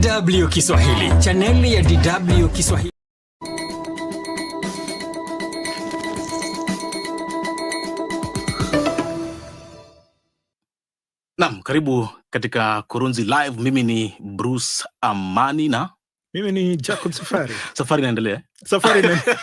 DW Kiswahili, chaneli ya DW Kiswahili. Naam, karibu katika Kurunzi Live. Mimi ni Bruce Amani na mimi ni Jacob Safari. Safari inaendelea, safari inaendelea.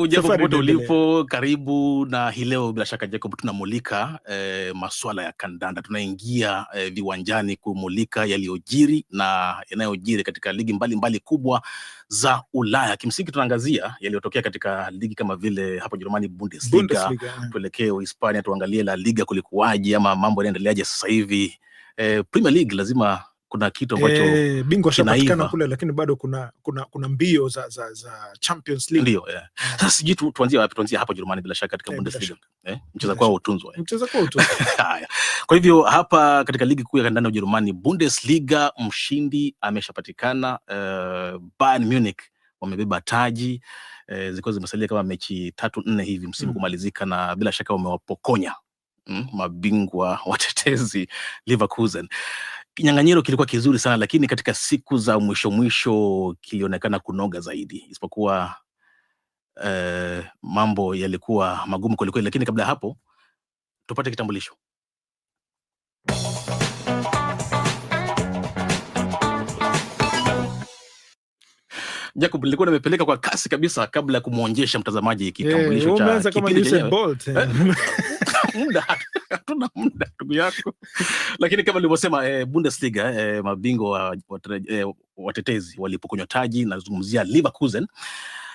Ujambo ulipo, karibu na hii leo. Bila shaka Jacob, tunamulika eh, maswala ya kandanda, tunaingia eh, viwanjani kumulika yaliyojiri na yanayojiri katika ligi mbalimbali mbali kubwa za Ulaya. Kimsingi tunaangazia yaliyotokea katika ligi kama vile hapo Jerumani, Bundesliga, tuelekee Uhispania, tuangalie La Liga kulikuaji ama mambo yanaendeleaje sasa hivi. Eh, Premier League lazima kuna kitu ambacho e, bingwa shapatikana kule, lakini bado kuna, kuna, kuna mbio za, za, za Champions League ndio yeah. yeah. Mm. Sasa sijui tu, tuanzie wapi? Tuanzie hapa Jerumani bila shaka katika yeah, Bundesliga eh, mcheza kwao utunzwa eh, mcheza kwao utunzwa haya. Kwa hivyo hapa katika ligi kuu ya kandanda ya Ujerumani Bundesliga, mshindi ameshapatikana. Uh, Bayern Munich wamebeba taji eh, zilikuwa zimesalia kama mechi tatu nne hivi msimu mm. kumalizika, na bila shaka wamewapokonya mm, mabingwa watetezi Leverkusen kinyang'anyiro kilikuwa kizuri sana, lakini katika siku za mwisho mwisho kilionekana kunoga zaidi, isipokuwa uh, mambo yalikuwa magumu kwelikweli. Lakini kabla ya hapo tupate kitambulisho. Jacob, nilikuwa nimepeleka kwa kasi kabisa kabla ya kumwonjesha mtazamaji kitambulisho hey, eh, cha muda, hatuna muda ndugu yako. Lakini kama nilivyosema, eh, Bundesliga eh, mabingwa eh, watetezi walipokunywa taji, nazungumzia Leverkusen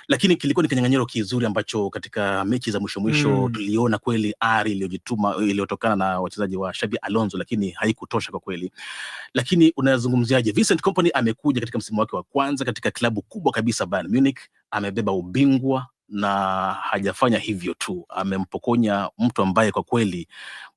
lakini kilikuwa ni kinyang'anyiro kizuri ambacho katika mechi za mwisho mwisho mm. tuliona kweli ari iliyojituma iliyotokana na wachezaji wa shabi Alonso, lakini haikutosha kwa kweli. Lakini unazungumziaje? Vincent company amekuja katika msimu wake wa kwanza katika klabu kubwa kabisa Bayern Munich, amebeba ubingwa na hajafanya hivyo tu, amempokonya mtu ambaye kwa kweli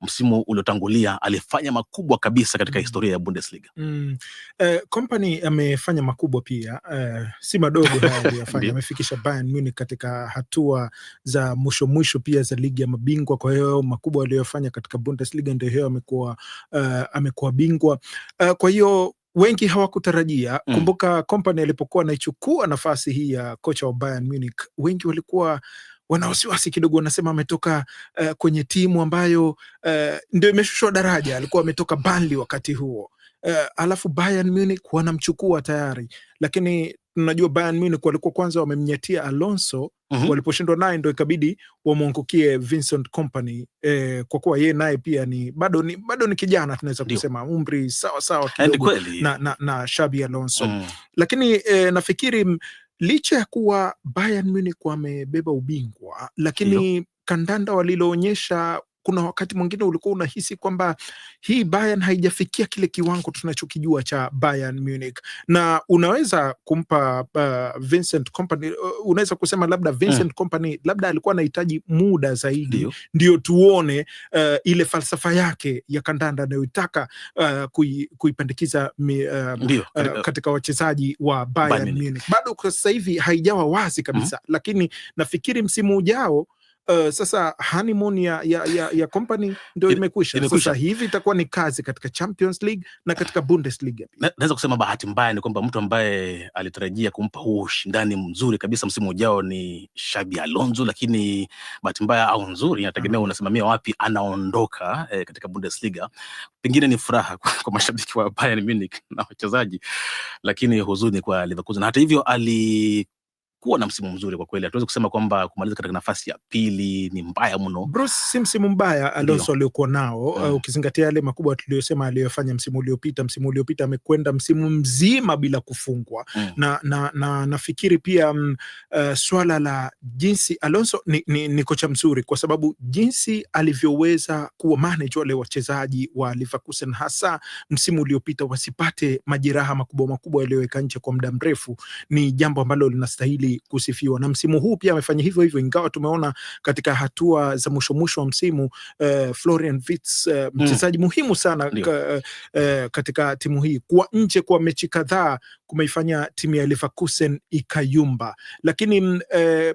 msimu uliotangulia alifanya makubwa kabisa katika mm. historia ya Bundesliga. Mm. Eh, Kompany amefanya makubwa pia eh, si madogo aliyofanya amefikisha Bayern Munich katika hatua za mwisho mwisho pia za ligi ya mabingwa. Kwa hiyo makubwa aliyofanya katika Bundesliga ndio hiyo, amekuwa uh, amekuwa bingwa uh, kwa hiyo wengi hawakutarajia. Mm. Kumbuka Kompany alipokuwa anaichukua nafasi hii ya kocha wa Bayern Munich, wengi walikuwa wana wasiwasi kidogo, wanasema ametoka uh, kwenye timu ambayo uh, ndio imeshushwa daraja. Alikuwa ametoka Burnley wakati huo uh, alafu Bayern Munich wanamchukua tayari, lakini tunajua Bayern Munich walikuwa kwanza wamemnyatia Alonso mm -hmm. Waliposhindwa naye ndo ikabidi wamwangukie Vincent Kompany eh, kwa kuwa yeye naye pia ni bado ni, bado ni kijana tunaweza kusema umri sawa sawa eh, kidogo na, na, na Xabi Alonso mm. Lakini eh, nafikiri licha ya kuwa Bayern Munich wamebeba ubingwa lakini Dio. kandanda waliloonyesha kuna wakati mwingine ulikuwa unahisi kwamba hii Bayern haijafikia kile kiwango tunachokijua cha Bayern Munich, na unaweza kumpa uh, Vincent Kompany, uh, unaweza kusema labda Vincent mm. Kompany labda alikuwa anahitaji muda zaidi ndio tuone uh, ile falsafa yake ya kandanda anayoitaka uh, kui, kuipandikiza mi, uh, uh, katika wachezaji wa Bayern Munich. Bado kwa sasa hivi haijawa wazi kabisa, mm -hmm. Lakini nafikiri msimu ujao Uh, sasa honeymoon ya, ya, ya, ya company ndio imekwisha. Sasa hivi itakuwa ni kazi katika Champions League na katika Bundesliga. Naweza kusema bahati mbaya ni kwamba mtu ambaye alitarajia kumpa huu ushindani mzuri kabisa msimu ujao ni Xabi Alonso, lakini bahati mbaya au nzuri inategemea unasimamia wapi, anaondoka eh, katika Bundesliga. Pengine ni furaha kwa, kwa mashabiki wa Bayern Munich na wachezaji, lakini huzuni kwa Leverkusen. Hata hivyo ali hakuwa na msimu mzuri kwa kweli, hatuwezi kusema kwamba kumaliza katika nafasi ya pili ni mbaya mno. Bruce, si msimu mbaya Alonso aliokuwa nao yeah. Mm. uh, ukizingatia yale makubwa tuliyosema aliyofanya msimu uliopita. Msimu uliopita amekwenda msimu mzima bila kufungwa mm. na, na, na nafikiri pia m, mm, uh, swala la jinsi Alonso ni, ni, ni kocha mzuri kwa sababu jinsi alivyoweza kuwa manage wale wachezaji wa Leverkusen hasa msimu uliopita wasipate majeraha makubwa makubwa yaliyoweka nje kwa muda mrefu ni jambo ambalo linastahili kusifiwa, na msimu huu pia amefanya hivyo hivyo, ingawa tumeona katika hatua za mwisho mwisho wa msimu uh, Florian Wirtz uh, mchezaji mm. muhimu sana ka, uh, katika timu hii kuwa nje kwa mechi kadhaa kumeifanya timu ya Leverkusen ikayumba, lakini uh,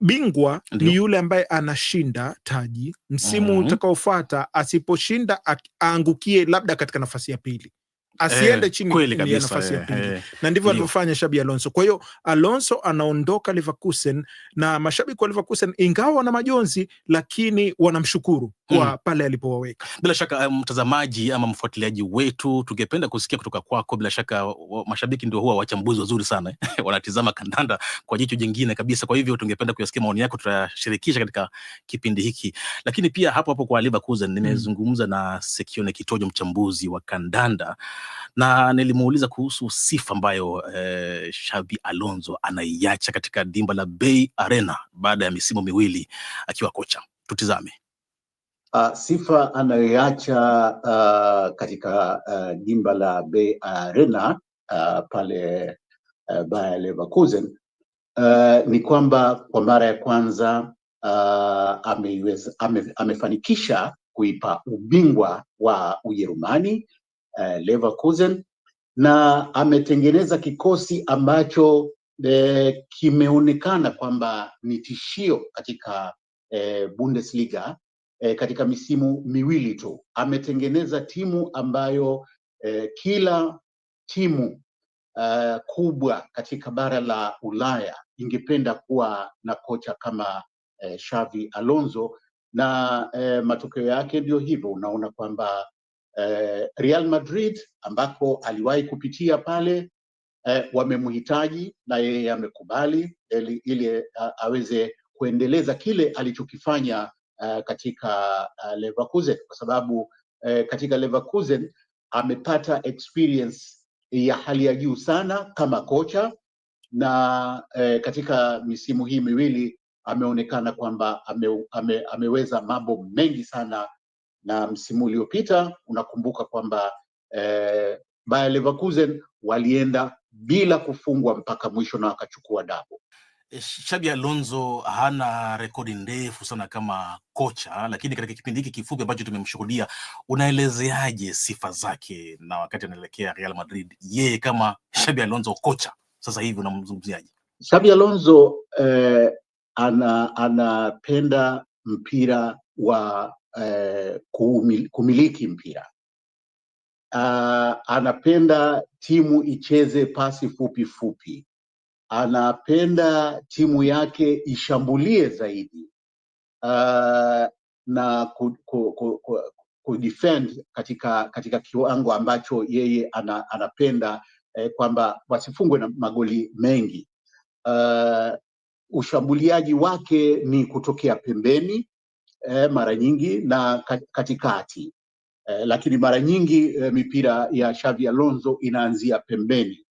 bingwa Ndiyo. ni yule ambaye anashinda taji msimu mm -hmm. utakaofuata. Asiposhinda aangukie labda katika nafasi ya pili asiende eh, chini ya nafasi ya eh, pili eh, na ndivyo alivyofanya Shabi Alonso. Kwa hiyo Alonso anaondoka Leverkusen na mashabiki wa Leverkusen ingawa wana majonzi, lakini wanamshukuru kwa mm, pale alipowaweka. Bila shaka eh, mtazamaji ama mfuatiliaji wetu, tungependa kusikia kutoka kwako. Bila shaka mashabiki ndio huwa wachambuzi wazuri sana eh, wanatizama kandanda kwa jicho jingine kabisa. Kwa hivyo tungependa kuyasikia maoni yako, tutayashirikisha katika kipindi hiki. Lakini pia hapo hapo kwa Leverkusen nimezungumza mm, na Sekione Kitojo, mchambuzi wa kandanda na nilimuuliza kuhusu sifa ambayo eh, Xabi Alonso anaiacha katika dimba la Bay Arena baada ya misimu miwili akiwa kocha. Tutizame. Uh, sifa anayoiacha uh, ah, katika uh, dimba la Bay Arena uh, pale uh, Bayer Leverkusen uh, ni kwamba kwa mara ya kwanza uh, ame, amefanikisha kuipa ubingwa wa Ujerumani eh, Leverkusen na ametengeneza kikosi ambacho eh, kimeonekana kwamba ni tishio katika eh, Bundesliga eh, katika misimu miwili tu. Ametengeneza timu ambayo eh, kila timu Uh, kubwa katika bara la Ulaya ingependa kuwa na kocha kama eh, Xavi Alonso na uh, matokeo yake ndio hivyo. Unaona kwamba eh, Real Madrid ambako aliwahi kupitia pale eh, wamemhitaji na yeye amekubali ili, ili a, aweze kuendeleza kile alichokifanya uh, katika uh, Leverkusen kwa sababu uh, katika Leverkusen amepata experience ya hali ya juu sana kama kocha na uh, katika misimu hii miwili ameonekana kwamba ame, ame, ameweza mambo mengi sana na msimu uliopita unakumbuka kwamba eh, Bayer Leverkusen walienda bila kufungwa mpaka mwisho na wakachukua dabo. Eh, Xabi Alonso hana rekodi ndefu sana kama kocha, lakini katika kipindi hiki kifupi ambacho tumemshuhudia, unaelezeaje sifa zake na wakati anaelekea Real Madrid, yeye kama Xabi Alonso kocha sasa hivi unamzungumziaje? Xabi Alonso eh, ana anapenda mpira wa eh, kumiliki mpira. Uh, anapenda timu icheze pasi fupi fupi, anapenda timu yake ishambulie zaidi uh, na ku, ku, ku, ku, kudefend katika katika kiwango ambacho yeye ana, anapenda eh, kwamba wasifungwe na magoli mengi. Uh, ushambuliaji wake ni kutokea pembeni eh, mara nyingi na katikati eh, lakini mara nyingi eh, mipira ya Xavi Alonso inaanzia pembeni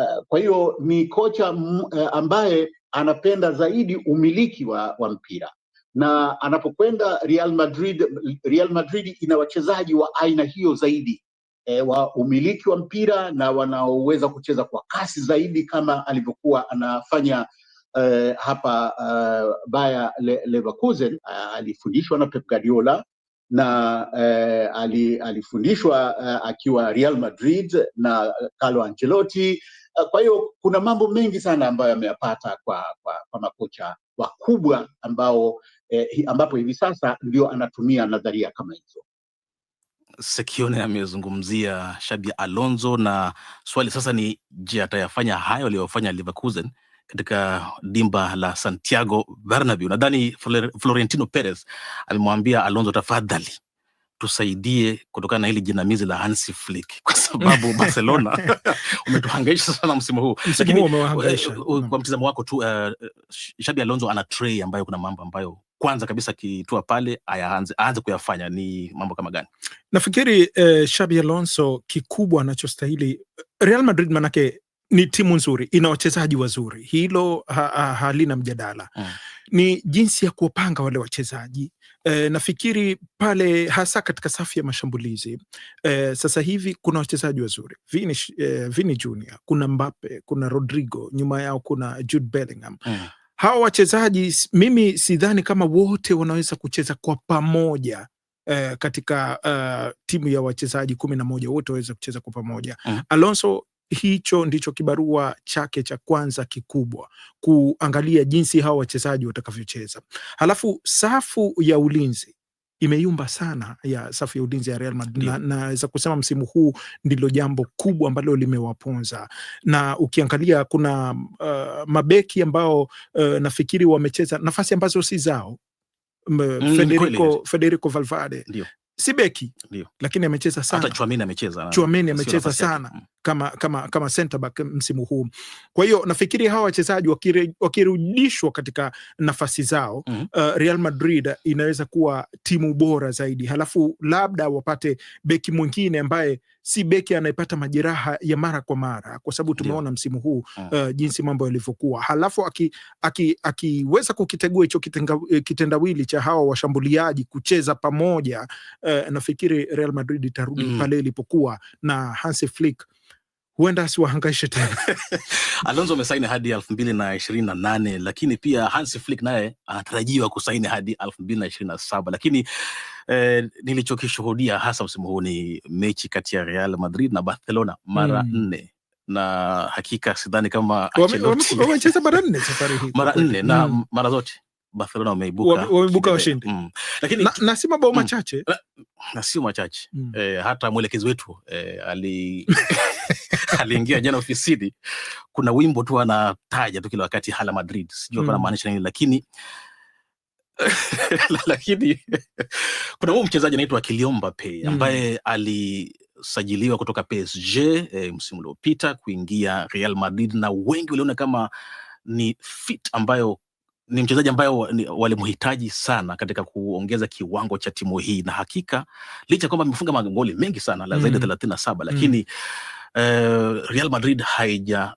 eh, kwa hiyo ni kocha eh, ambaye anapenda zaidi umiliki wa, wa mpira na anapokwenda Real Madrid, Real Madrid ina wachezaji wa aina hiyo zaidi e, wa umiliki wa mpira na wanaoweza kucheza kwa kasi zaidi kama alivyokuwa anafanya uh, hapa uh, Bayer Leverkusen uh, alifundishwa na Pep Guardiola na uh, alifundishwa uh, akiwa Real Madrid na Carlo Ancelotti uh, kwa hiyo kuna mambo mengi sana ambayo ameyapata kwa, kwa, kwa makocha wakubwa ambao eh, ambapo hivi sasa ndio anatumia nadharia kama hizo. Sekione amezungumzia Xabi Alonso na swali sasa ni je, atayafanya hayo aliyofanya Leverkusen katika dimba la Santiago Bernabeu. Nadhani Florentino Perez amemwambia Alonso, tafadhali tusaidie kutokana na hili jinamizi la Hansi Flick kwa sababu Barcelona umetuhangaisha sana msimu huu. Uh, uh, kwa mtizamo wako tu, uh, Xabi Alonso ana tray ambayo kuna mambo ambayo kwanza kabisa akitua pale aanze kuyafanya ni mambo kama gani? Nafikiri eh, Xabi Alonso kikubwa anachostahili Real Madrid, manake ni timu nzuri, ina wachezaji wazuri, hilo ha, ha, halina mjadala mm. Ni jinsi ya kuwapanga wale wachezaji e, nafikiri pale hasa katika safu ya mashambulizi e, sasa hivi kuna wachezaji wazuri Vini, e, Vini Junior, kuna Mbappe, kuna Rodrigo, nyuma yao kuna Jude Bellingham mm. Hawa wachezaji mimi sidhani kama wote wanaweza kucheza kwa pamoja. Uh, katika uh, timu ya wachezaji kumi na moja wote waweza kucheza kwa pamoja. Mm. Alonso hicho ndicho kibarua chake cha kwanza kikubwa, kuangalia jinsi hawa wachezaji watakavyocheza. Halafu safu ya ulinzi imeyumba sana ya safu ya ulinzi ya Real Madrid, na naweza kusema msimu huu ndilo jambo kubwa ambalo limewaponza. Na ukiangalia kuna uh, mabeki ambao uh, nafikiri wamecheza nafasi ambazo si zao. Mm, Federico, Federico Valverde si beki Lio, lakini amecheza sana. amecheza, amecheza sana kama kama kama center back msimu huu. Kwa hiyo nafikiri hawa wachezaji wakirudishwa katika nafasi zao mm -hmm. uh, Real Madrid inaweza kuwa timu bora zaidi, halafu labda wapate beki mwingine ambaye si beki anayepata majeraha ya mara kwa mara, kwa sababu tumeona msimu huu ah. uh, jinsi mambo yalivyokuwa. Halafu akiweza aki, aki kukitegua hicho eh, kitendawili cha hawa washambuliaji kucheza pamoja uh, nafikiri Real Madrid itarudi mm. pale ilipokuwa na Hansi Flick huenda asiwahangaishe tena. Alonso amesaini hadi elfu mbili na ishirini na nane lakini pia Hansi Flick naye anatarajiwa kusaini hadi elfu mbili na ishirini na saba lakini eh, nilichokishuhudia hasa msimu huu ni mechi kati ya Real Madrid na Barcelona mara mm. nne na hakika sidhani kama wamecheza mara nne safari hii, mara nne na mm. mara zote Barcelona wameibuka wameibuka washindi mm. lakini na si mabao mm. machache mm. na, na sio machache mm. eh, hata mwelekezi wetu eh, ali aliingia jana ofisini, kuna wimbo tu anataja tu kila wakati hala Madrid, sijui mm. anamaanisha nini lakini lakini kuna huu mchezaji anaitwa Kiliomba Pe mm. ambaye mm. alisajiliwa kutoka PSG e, msimu uliopita kuingia Real Madrid, na wengi waliona kama ni fit ambayo ni mchezaji ambaye walimhitaji sana katika kuongeza kiwango cha timu hii, na hakika licha ya kwamba amefunga magoli mengi sana la zaidi ya mm. thelathini na saba, mm. lakini mm. uh, Real Madrid haija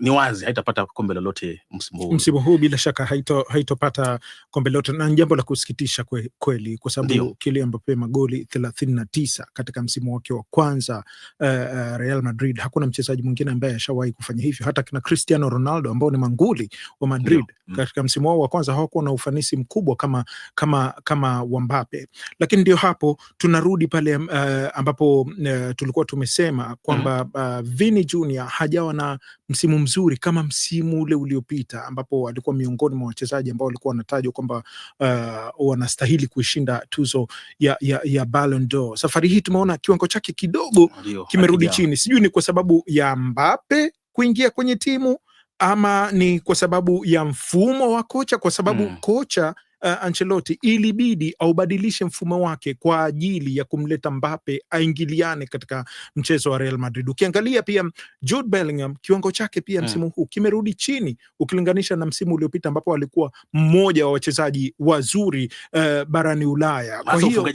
ni wazi haitapata kombe lolote msimu huu. Msimu huu bila shaka haitopata haito kombe lolote, na jambo la kusikitisha kwe, kweli kwa sababu Kylian Mbappe magoli thelathini na tisa katika msimu wake wa kwanza uh, uh, Real Madrid. Hakuna mchezaji mwingine ambaye ashawahi kufanya hivyo, hata kina Cristiano Ronaldo ambao ni manguli wa Madrid Ndiyo. Mm. katika msimu wao wa kwanza hawakuwa na ufanisi mkubwa kama, kama, kama wa Mbappe, lakini ndio hapo tunarudi pale uh, ambapo uh, tulikuwa tumesema kwamba uh, mm. Vini Junior hajawa na msimu mzuri kama msimu ule uliopita, ambapo alikuwa miongoni mwa wachezaji ambao walikuwa wanatajwa kwamba uh, wanastahili kuishinda tuzo ya, ya, ya Ballon d'Or. Safari hii tumeona kiwango chake kidogo kimerudi chini, sijui ni kwa sababu ya Mbappe kuingia kwenye timu ama ni kwa sababu ya mfumo wa kocha, kwa sababu hmm, kocha uh, Ancelotti ilibidi aubadilishe mfumo wake kwa ajili ya kumleta Mbappe aingiliane katika mchezo wa Real Madrid. Ukiangalia pia Jude Bellingham kiwango chake pia hmm. msimu huu kimerudi chini ukilinganisha na msimu uliopita ambapo alikuwa mmoja wa wachezaji wazuri uh, barani Ulaya. Kwa hiyo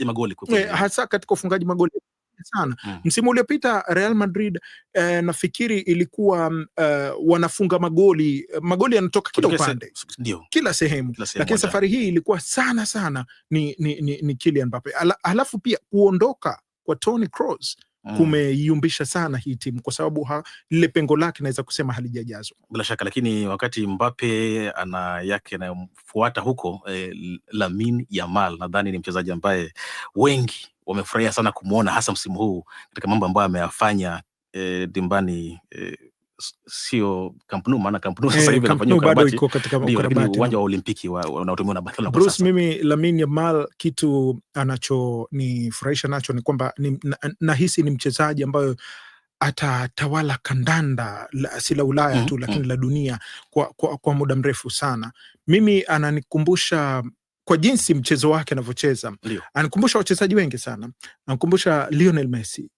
eh, hasa katika ufungaji magoli sana mm. Msimu uliopita Real Madrid eh, nafikiri ilikuwa mm, eh, wanafunga magoli eh, magoli yanatoka kila upande kila sehemu, sehemu. Lakini safari hii ilikuwa sana sana ni, ni, ni, ni Kylian Mbappe. Halafu pia kuondoka kwa Toni Kroos Mm. kumeiumbisha sana hii timu kwa sababu lile pengo lake naweza kusema halijajazwa bila shaka, lakini wakati mbape ana yake anayomfuata huko eh, lamin Yamal nadhani ni mchezaji ambaye wengi wamefurahia sana kumwona hasa msimu huu katika mambo ambayo ameyafanya eh, dimbani eh, sio Camp Nou, maana Camp Nou eh, sasa hivi inafanywa ukarabati, ndio, lakini uwanja wa Olimpiki unaotumiwa na Barcelona kwa sasa. Mimi Lamine Yamal kitu anachonifurahisha nacho ni kwamba nahisi ni mchezaji ambayo atatawala kandanda la, si la Ulaya mm -hmm, tu lakini mm la dunia kwa, kwa, kwa muda mrefu sana. Mimi ananikumbusha kwa jinsi mchezo wake anavyocheza, ananikumbusha wachezaji wengi sana, ananikumbusha Lionel Messi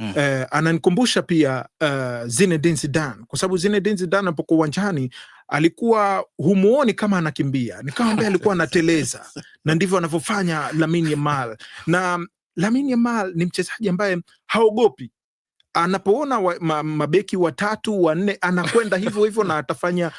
Mm. Eh, ananikumbusha pia uh, Zinedine Zidane kwa sababu Zinedine Zidane alipokuwa uwanjani alikuwa humuoni kama anakimbia, ni kama ambaye alikuwa anateleza na ndivyo anavyofanya Lamine Yamal, na Lamine Yamal ni mchezaji ambaye haogopi anapoona wa, ma, mabeki watatu wanne anakwenda hivyo hivyo na atafanya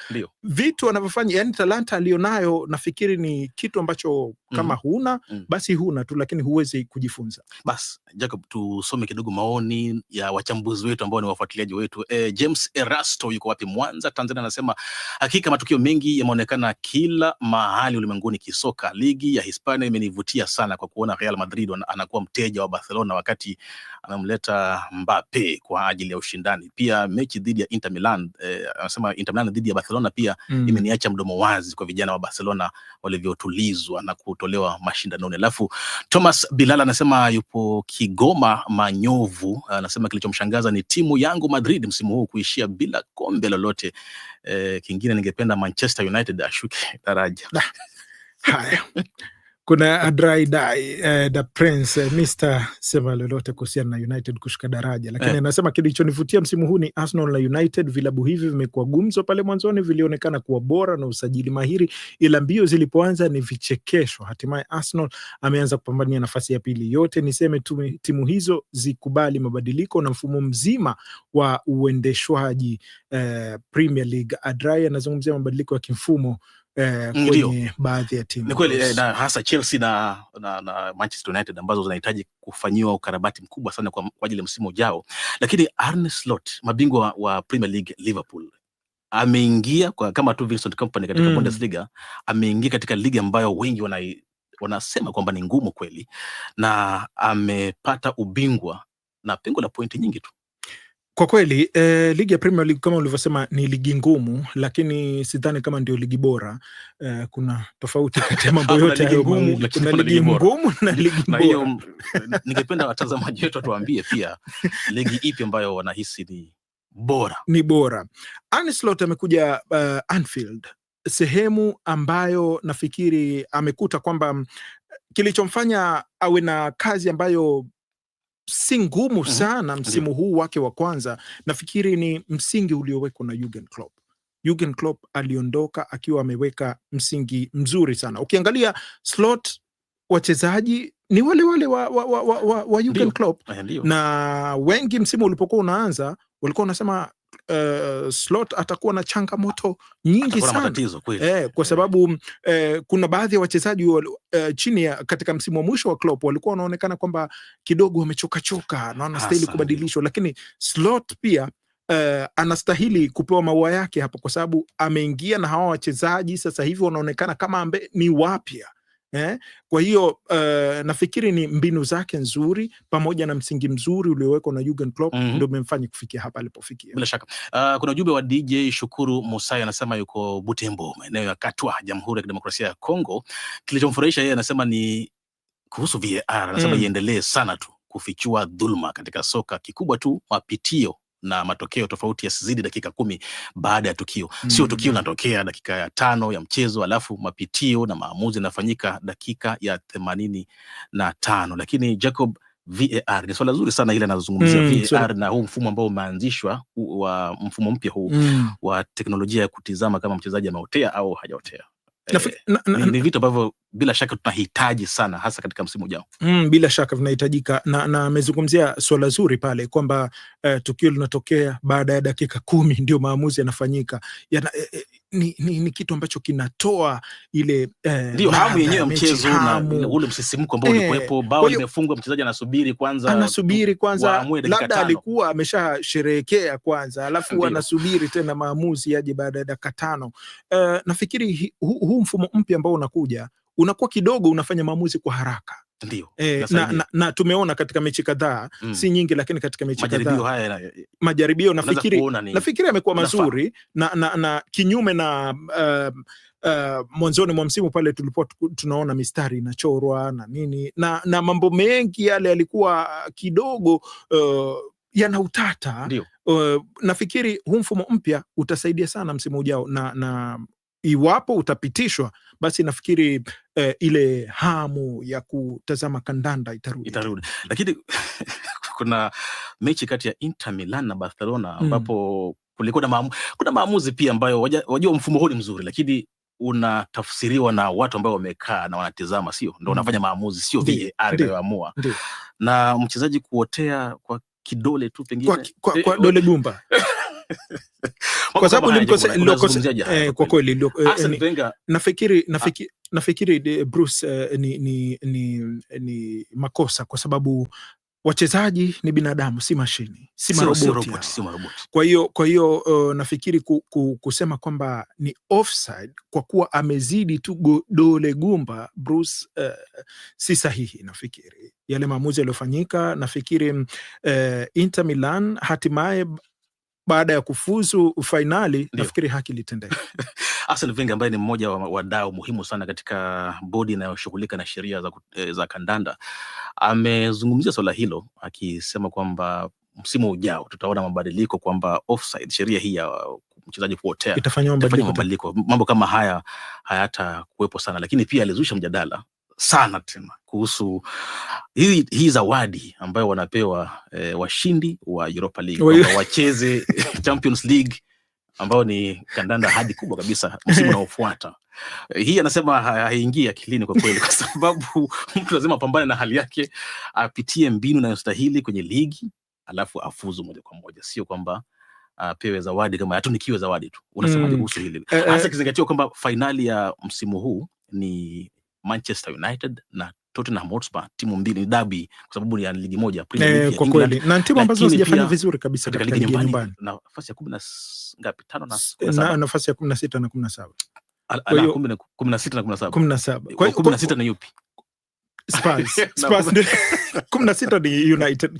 vitu anavyofanya. Yani talanta aliyonayo nafikiri ni kitu ambacho mm-hmm. kama huna mm-hmm. basi huna tu, lakini huwezi kujifunza. Bas Jacob, tusome kidogo maoni ya wachambuzi wetu ambao ni wafuatiliaji wetu. E, James Erasto yuko wapi? Mwanza, Tanzania, anasema hakika matukio mengi yameonekana kila mahali ulimwenguni kisoka. Ligi ya Hispania imenivutia sana kwa kuona Real Madrid anakuwa mteja wa Barcelona wakati anamleta Mbappe pekee kwa ajili ya ushindani. Pia mechi dhidi ya Inter Milan eh, anasema Inter Milan dhidi ya Barcelona pia mm. imeniacha mdomo wazi kwa vijana wa Barcelona walivyotulizwa na kutolewa mashindanoni. Alafu Thomas Bilal anasema yupo Kigoma Manyovu, anasema kilichomshangaza ni timu yangu Madrid msimu huu kuishia bila kombe lolote. Eh, kingine ningependa Manchester United ashuke daraja. Haya Kuna Adrai Dai, eh, the Prince eh, Mr sema lolote kuhusiana na United kushuka daraja, lakini eh. anasema kilichonivutia msimu huu ni Arsenal na United. Vilabu hivi vimekuwa gumzo, pale mwanzoni vilionekana kuwa bora na usajili mahiri, ila mbio zilipoanza ni vichekesho. Hatimaye Arsenal ameanza kupambania nafasi ya pili. Yote niseme timu hizo zikubali mabadiliko na mfumo mzima wa uendeshwaji eh, Premier League. Adrai anazungumzia mabadiliko ya kimfumo eh, kwenye baadhi ya timu. Ni kweli eh, na hasa Chelsea na, na, na Manchester United ambazo zinahitaji kufanyiwa ukarabati mkubwa sana kwa, kwa ajili ya msimu ujao, lakini Arne Slot mabingwa wa Premier League Liverpool ameingia kama tu Vincent katika mm. Bundesliga ameingia katika ligi ambayo wengi wana, wanasema kwamba ni ngumu kweli, na amepata ubingwa na pengo la pointi nyingi tu kwa kweli eh, ligi ya Premier League kama ulivyosema ni ligi ngumu, lakini sidhani kama ndio ligi bora eh, kuna tofauti kati ya mambo yote hayo ngumu, Kuna ligi ngumu na ligi bora. Hiyo eh, Ningependa watazamaji wetu watuambie pia ligi ipi ambayo wanahisi ni bora, ni bora. Arne Slot amekuja uh, Anfield, sehemu ambayo nafikiri amekuta kwamba eh, kilichomfanya awe na kazi ambayo si ngumu mhm. sana msimu huu wake wa kwanza. Nafikiri ni msingi uliowekwa na Jurgen Klopp. Jurgen Klopp aliondoka akiwa ameweka msingi mzuri sana. Ukiangalia slot wachezaji ni wale wale wa, wa, wa, wa, wa Jurgen Klopp, eh, na wengi msimu ulipokuwa unaanza walikuwa wanasema uh, Slot atakuwa na changamoto nyingi sana eh, kwa eh. sababu eh, kuna baadhi ya wachezaji uh, chini ya katika msimu wa mwisho wa Klopp walikuwa wanaonekana kwamba kidogo wamechokachoka na wanastahili kubadilishwa, lakini Slot pia Uh, anastahili kupewa maua yake hapa kwa sababu ameingia na hawa wachezaji sasa hivi wanaonekana kama ambe, ni wapya Eh, kwa hiyo uh, nafikiri ni mbinu zake nzuri pamoja na msingi mzuri uliowekwa na Jurgen Klopp mm -hmm. ndio umemfanya kufikia hapa alipofikia. Bila shaka uh, kuna ujumbe wa DJ Shukuru Musai anasema yuko Butembo maeneo ya Katwa, Jamhuri ya Kidemokrasia ya Kongo. Kilichomfurahisha yeye anasema ni kuhusu VAR, anasema mm. iendelee sana tu kufichua dhuluma katika soka, kikubwa tu mapitio na matokeo tofauti yasizidi dakika kumi baada ya tukio mm. Sio tukio linatokea dakika ya tano ya mchezo alafu mapitio na maamuzi yanafanyika dakika ya themanini na tano lakini Jacob, VAR ni swala zuri sana ile anazungumzia mm, VAR na huu mfumo ambao umeanzishwa wa mfumo mpya huu mm. wa teknolojia ya kutizama kama mchezaji ameotea au hajaotea ni vitu ambavyo bila shaka tunahitaji sana hasa katika msimu ujao. Mm, bila shaka vinahitajika, na amezungumzia swala zuri pale kwamba eh, tukio linatokea baada ya dakika kumi ndio maamuzi yanafanyika yana, eh, eh ni, ni, ni kitu ambacho kinatoa ile eh, ndio eh, hamu yenyewe mchezo na ule msisimko ambao eh, ulikuwepo. Bao limefungwa, mchezaji anasubiri kwanza, anasubiri kwanza, labda alikuwa ameshasherehekea kwanza, alafu anasubiri tena maamuzi yaje baada ya dakika tano. Uh, nafikiri huu hu mfumo mpya ambao unakuja unakuwa kidogo unafanya maamuzi kwa haraka e, na, na, na tumeona katika mechi kadhaa mm. si nyingi lakini katika mechi majaribio nafikiri nafikiri yamekuwa mazuri na, na, na kinyume na uh, uh, mwanzoni mwa msimu pale tulipo tunaona mistari inachorwa na nini na, na mambo mengi yale yalikuwa kidogo uh, yana utata. Uh, nafikiri huu mfumo mpya utasaidia sana msimu ujao na, na iwapo utapitishwa basi nafikiri eh, ile hamu ya kutazama kandanda itarudi, itarudi. Lakini kuna mechi kati ya Inter Milan na Barcelona hmm. ambapo mm. kulikuwa na maamu, kuna maamuzi pia ambayo wajua, mfumo huu ni mzuri lakini unatafsiriwa na watu ambao wamekaa na wanatizama, sio ndo unafanya hmm. maamuzi, sio VAR inayoamua, na mchezaji kuotea kwa kidole tu pengine kwa, kwa, kwa eh, dole eh, gumba kwa sababu eh, kwa kweli ah, eh, nafikiri ah. nafikiri nafikiri eh, de Bruce eh, ni, ni, ni, ni makosa kwa sababu wachezaji ni binadamu, si mashini, si maroboti. Kwa hiyo kwa hiyo uh, nafikiri ku, ku, kusema kwamba ni offside kwa kuwa amezidi tu dole gumba Bruce, uh, si sahihi. Nafikiri yale maamuzi yaliyofanyika, nafikiri uh, Inter Milan hatimaye baada ya kufuzu fainali, nafikiri haki ilitendeka. Arsene Wenger ambaye ni mmoja wa wadau muhimu sana katika bodi inayoshughulika na, na sheria za, eh, za kandanda amezungumzia swala hilo akisema kwamba msimu ujao tutaona mabadiliko kwamba offside, sheria hii ya mchezaji kuotea mabadiliko, mambo kama haya hayata kuwepo sana, lakini pia alizusha mjadala sana tena kuhusu hii hii zawadi ambayo wanapewa eh, washindi wa Europa League wacheze Champions League ambao ni kandanda hadi kubwa kabisa msimu unaofuata. Eh, hii anasema haingii akilini kwa kweli, kwa sababu mtu lazima apambane na hali yake, apitie mbinu inayostahili kwenye ligi, alafu afuzu moja kwa moja, sio kwamba apewe uh, zawadi kama atunikiwe zawadi tu. Unasemaje mm. kuhusu hili eh, eh, hasa ikizingatiwa kwamba fainali ya msimu huu ni Manchester United na Tottenham Hotspur, timu mbili ni dabi kwa sababu ya ligi moja League, kwa kweli na timu ambazo hazijafanya vizuri kabisa katika ligi nyumbani, Na nafasi ya kumi na ngapi, tano na nafasi ya kumi na sita na kumi na saba kumi na sita na kumi na saba kumi na na yupi kumi na sita ni United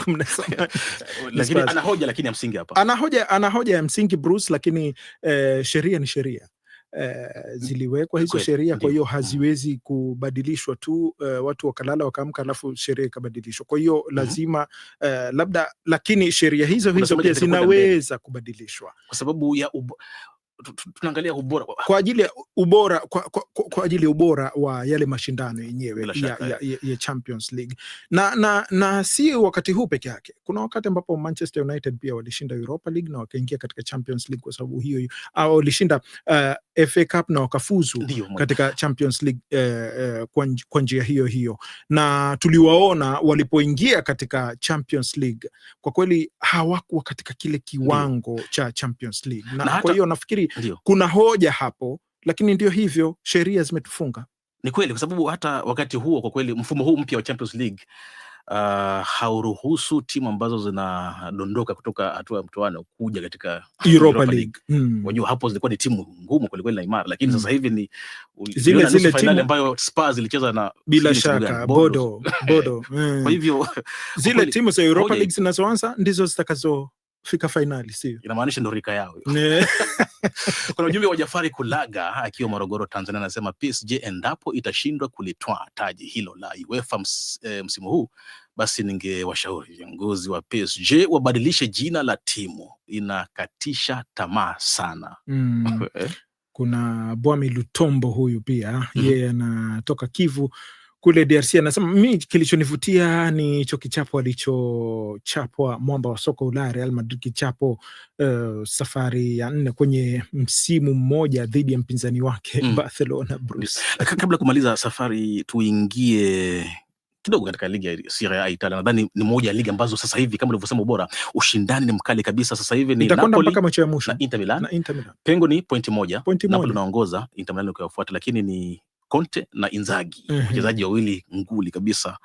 ana hoja lakini ya msingi hapa, ana hoja ya msingi Bruce, lakini eh, sheria ni sheria eh, mm, ziliwekwa hizo sheria, kwa hiyo mm. haziwezi kubadilishwa tu eh, watu wakalala wakaamka alafu sheria ikabadilishwa. Kwa hiyo mm-hmm. lazima eh, labda, lakini sheria hizo hizo pia zinaweza kubadilishwa kwa sababu ya tunaangalia ubora kwa ajili ya ubora kwa, kwa, kwa ajili ya ubora wa yale mashindano yenyewe ya, ya, ya, ya Champions League na, na, na si wakati huu peke yake. Kuna wakati ambapo Manchester United pia walishinda Europa League na wakaingia katika Champions League kwa sababu hiyo, au walishinda uh, eh, FA Cup na wakafuzu Dio, katika Champions League uh, uh, kwa njia hiyo hiyo, na tuliwaona walipoingia katika Champions League kwa kweli hawakuwa katika kile kiwango Dio cha Champions League na, na kwa hiyo nafikiri Ndiyo. kuna hoja hapo, lakini ndio hivyo sheria zimetufunga. Ni kweli, kwa sababu hata wakati huo kwa kweli mfumo huu mpya wa Champions League Uh, hauruhusu timu ambazo zinadondoka kutoka hatua ya mtoano kuja katika Europa League. Hmm. Wajua hapo zilikuwa ni timu ngumu kwelikweli na imara, lakini mm. sasa hmm. hivi ni zile zile timu ambayo Spurs ilicheza na bila shaka Bodo Bodo. Hmm. Kwa hivyo zile timu za Europa League zinazoanza ndizo zitakazo fika fainali, sio inamaanisha ndo rika yao. Kuna ujumbe wa Jafari Kulaga akiwa Morogoro, Tanzania, anasema PSG endapo itashindwa kulitwa taji hilo la UEFA ms, e, msimu huu basi ningewashauri viongozi wa PSG wabadilishe jina la timu, inakatisha tamaa sana mm. Kuna Bwami Lutombo huyu pia mm. yeye anatoka Kivu kule DRC anasema mi kilichonivutia ni cho kichapo alichochapwa mwamba wa soka Ulaya, Real Madrid kichapo uh, safari ya nne kwenye msimu mmoja dhidi ya mpinzani wake mm. Barcelona. Bruce, kabla kumaliza safari, tuingie kidogo katika ligi ya Serie A Italia. Nadhani ni moja ya ligi ambazo sasa hivi kama ulivyosema, ubora ushindani ni mkali kabisa. Sasa hivi ni Napoli mpaka macho ya mwisho na Inter Milan, pengo ni pointi moja, Napoli unaongoza Inter Milan ukiwafuata, lakini ni Conte na Inzaghi mm -hmm. wachezaji wawili nguli kabisa,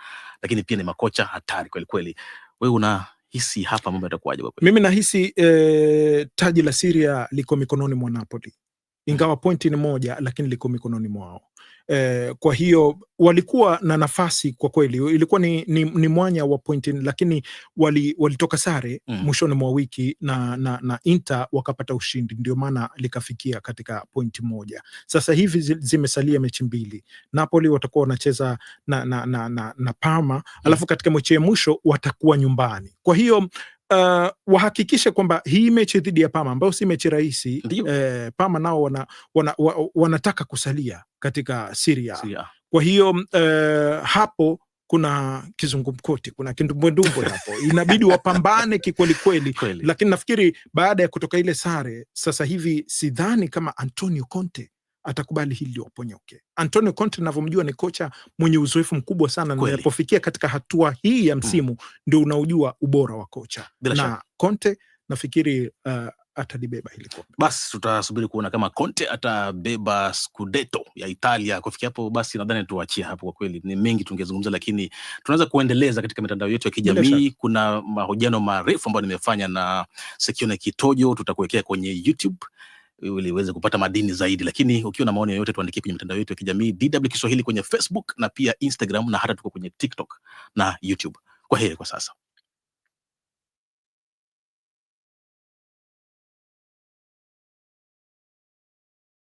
lakini pia ni makocha hatari kweli kweli. Wewe unahisi hapa mambo yatakuwaje? Kwa kweli mimi nahisi eh, taji la siria liko mikononi mwa Napoli, ingawa pointi ni moja, lakini liko mikononi mwao. Eh, kwa hiyo walikuwa na nafasi kwa kweli, ilikuwa ni, ni, ni mwanya wa pointi, lakini walitoka wali sare mm. mwishoni mwa wiki na, na, na Inter wakapata ushindi, ndio maana likafikia katika pointi moja. Sasa hivi zimesalia mechi mbili, Napoli watakuwa wanacheza na, na, na, na, na Parma, alafu katika mechi ya mwisho watakuwa nyumbani, kwa hiyo uh, wahakikishe kwamba hii mechi dhidi ya Parma ambayo si mechi rahisi eh, Parma nao wana, wana, wana, wanataka kusalia katika Syria. Syria. Kwa hiyo uh, hapo kuna kizungumkoti kuna kindumbwendumbwe hapo, inabidi wapambane kikwelikweli, lakini nafikiri baada ya kutoka ile sare, sasa hivi sidhani kama Antonio Conte atakubali hili liwaponyoke. Antonio Conte navyomjua ni kocha mwenye uzoefu mkubwa sana, na inapofikia katika hatua hii ya hmm. msimu mm, ndio unaojua ubora wa kocha Bila na shaka. Conte nafikiri uh, atalibeba hili kombe. Basi tutasubiri kuona kama Conte atabeba Scudetto ya Italia. Kufikia hapo basi, nadhani tuachie hapo. Kwa kweli ni mengi tungezungumza, lakini tunaweza kuendeleza katika mitandao yetu ya kijamii. Kuna mahojiano marefu ambayo nimefanya na Sekione Kitojo, tutakuwekea kwenye YouTube ili uweze kupata madini zaidi. Lakini ukiwa na maoni yoyote, tuandikie kwenye mitandao yetu ya kijamii DW Kiswahili kwenye Facebook na pia Instagram, na hata tuko kwenye TikTok na YouTube. Kwa heri kwa sasa.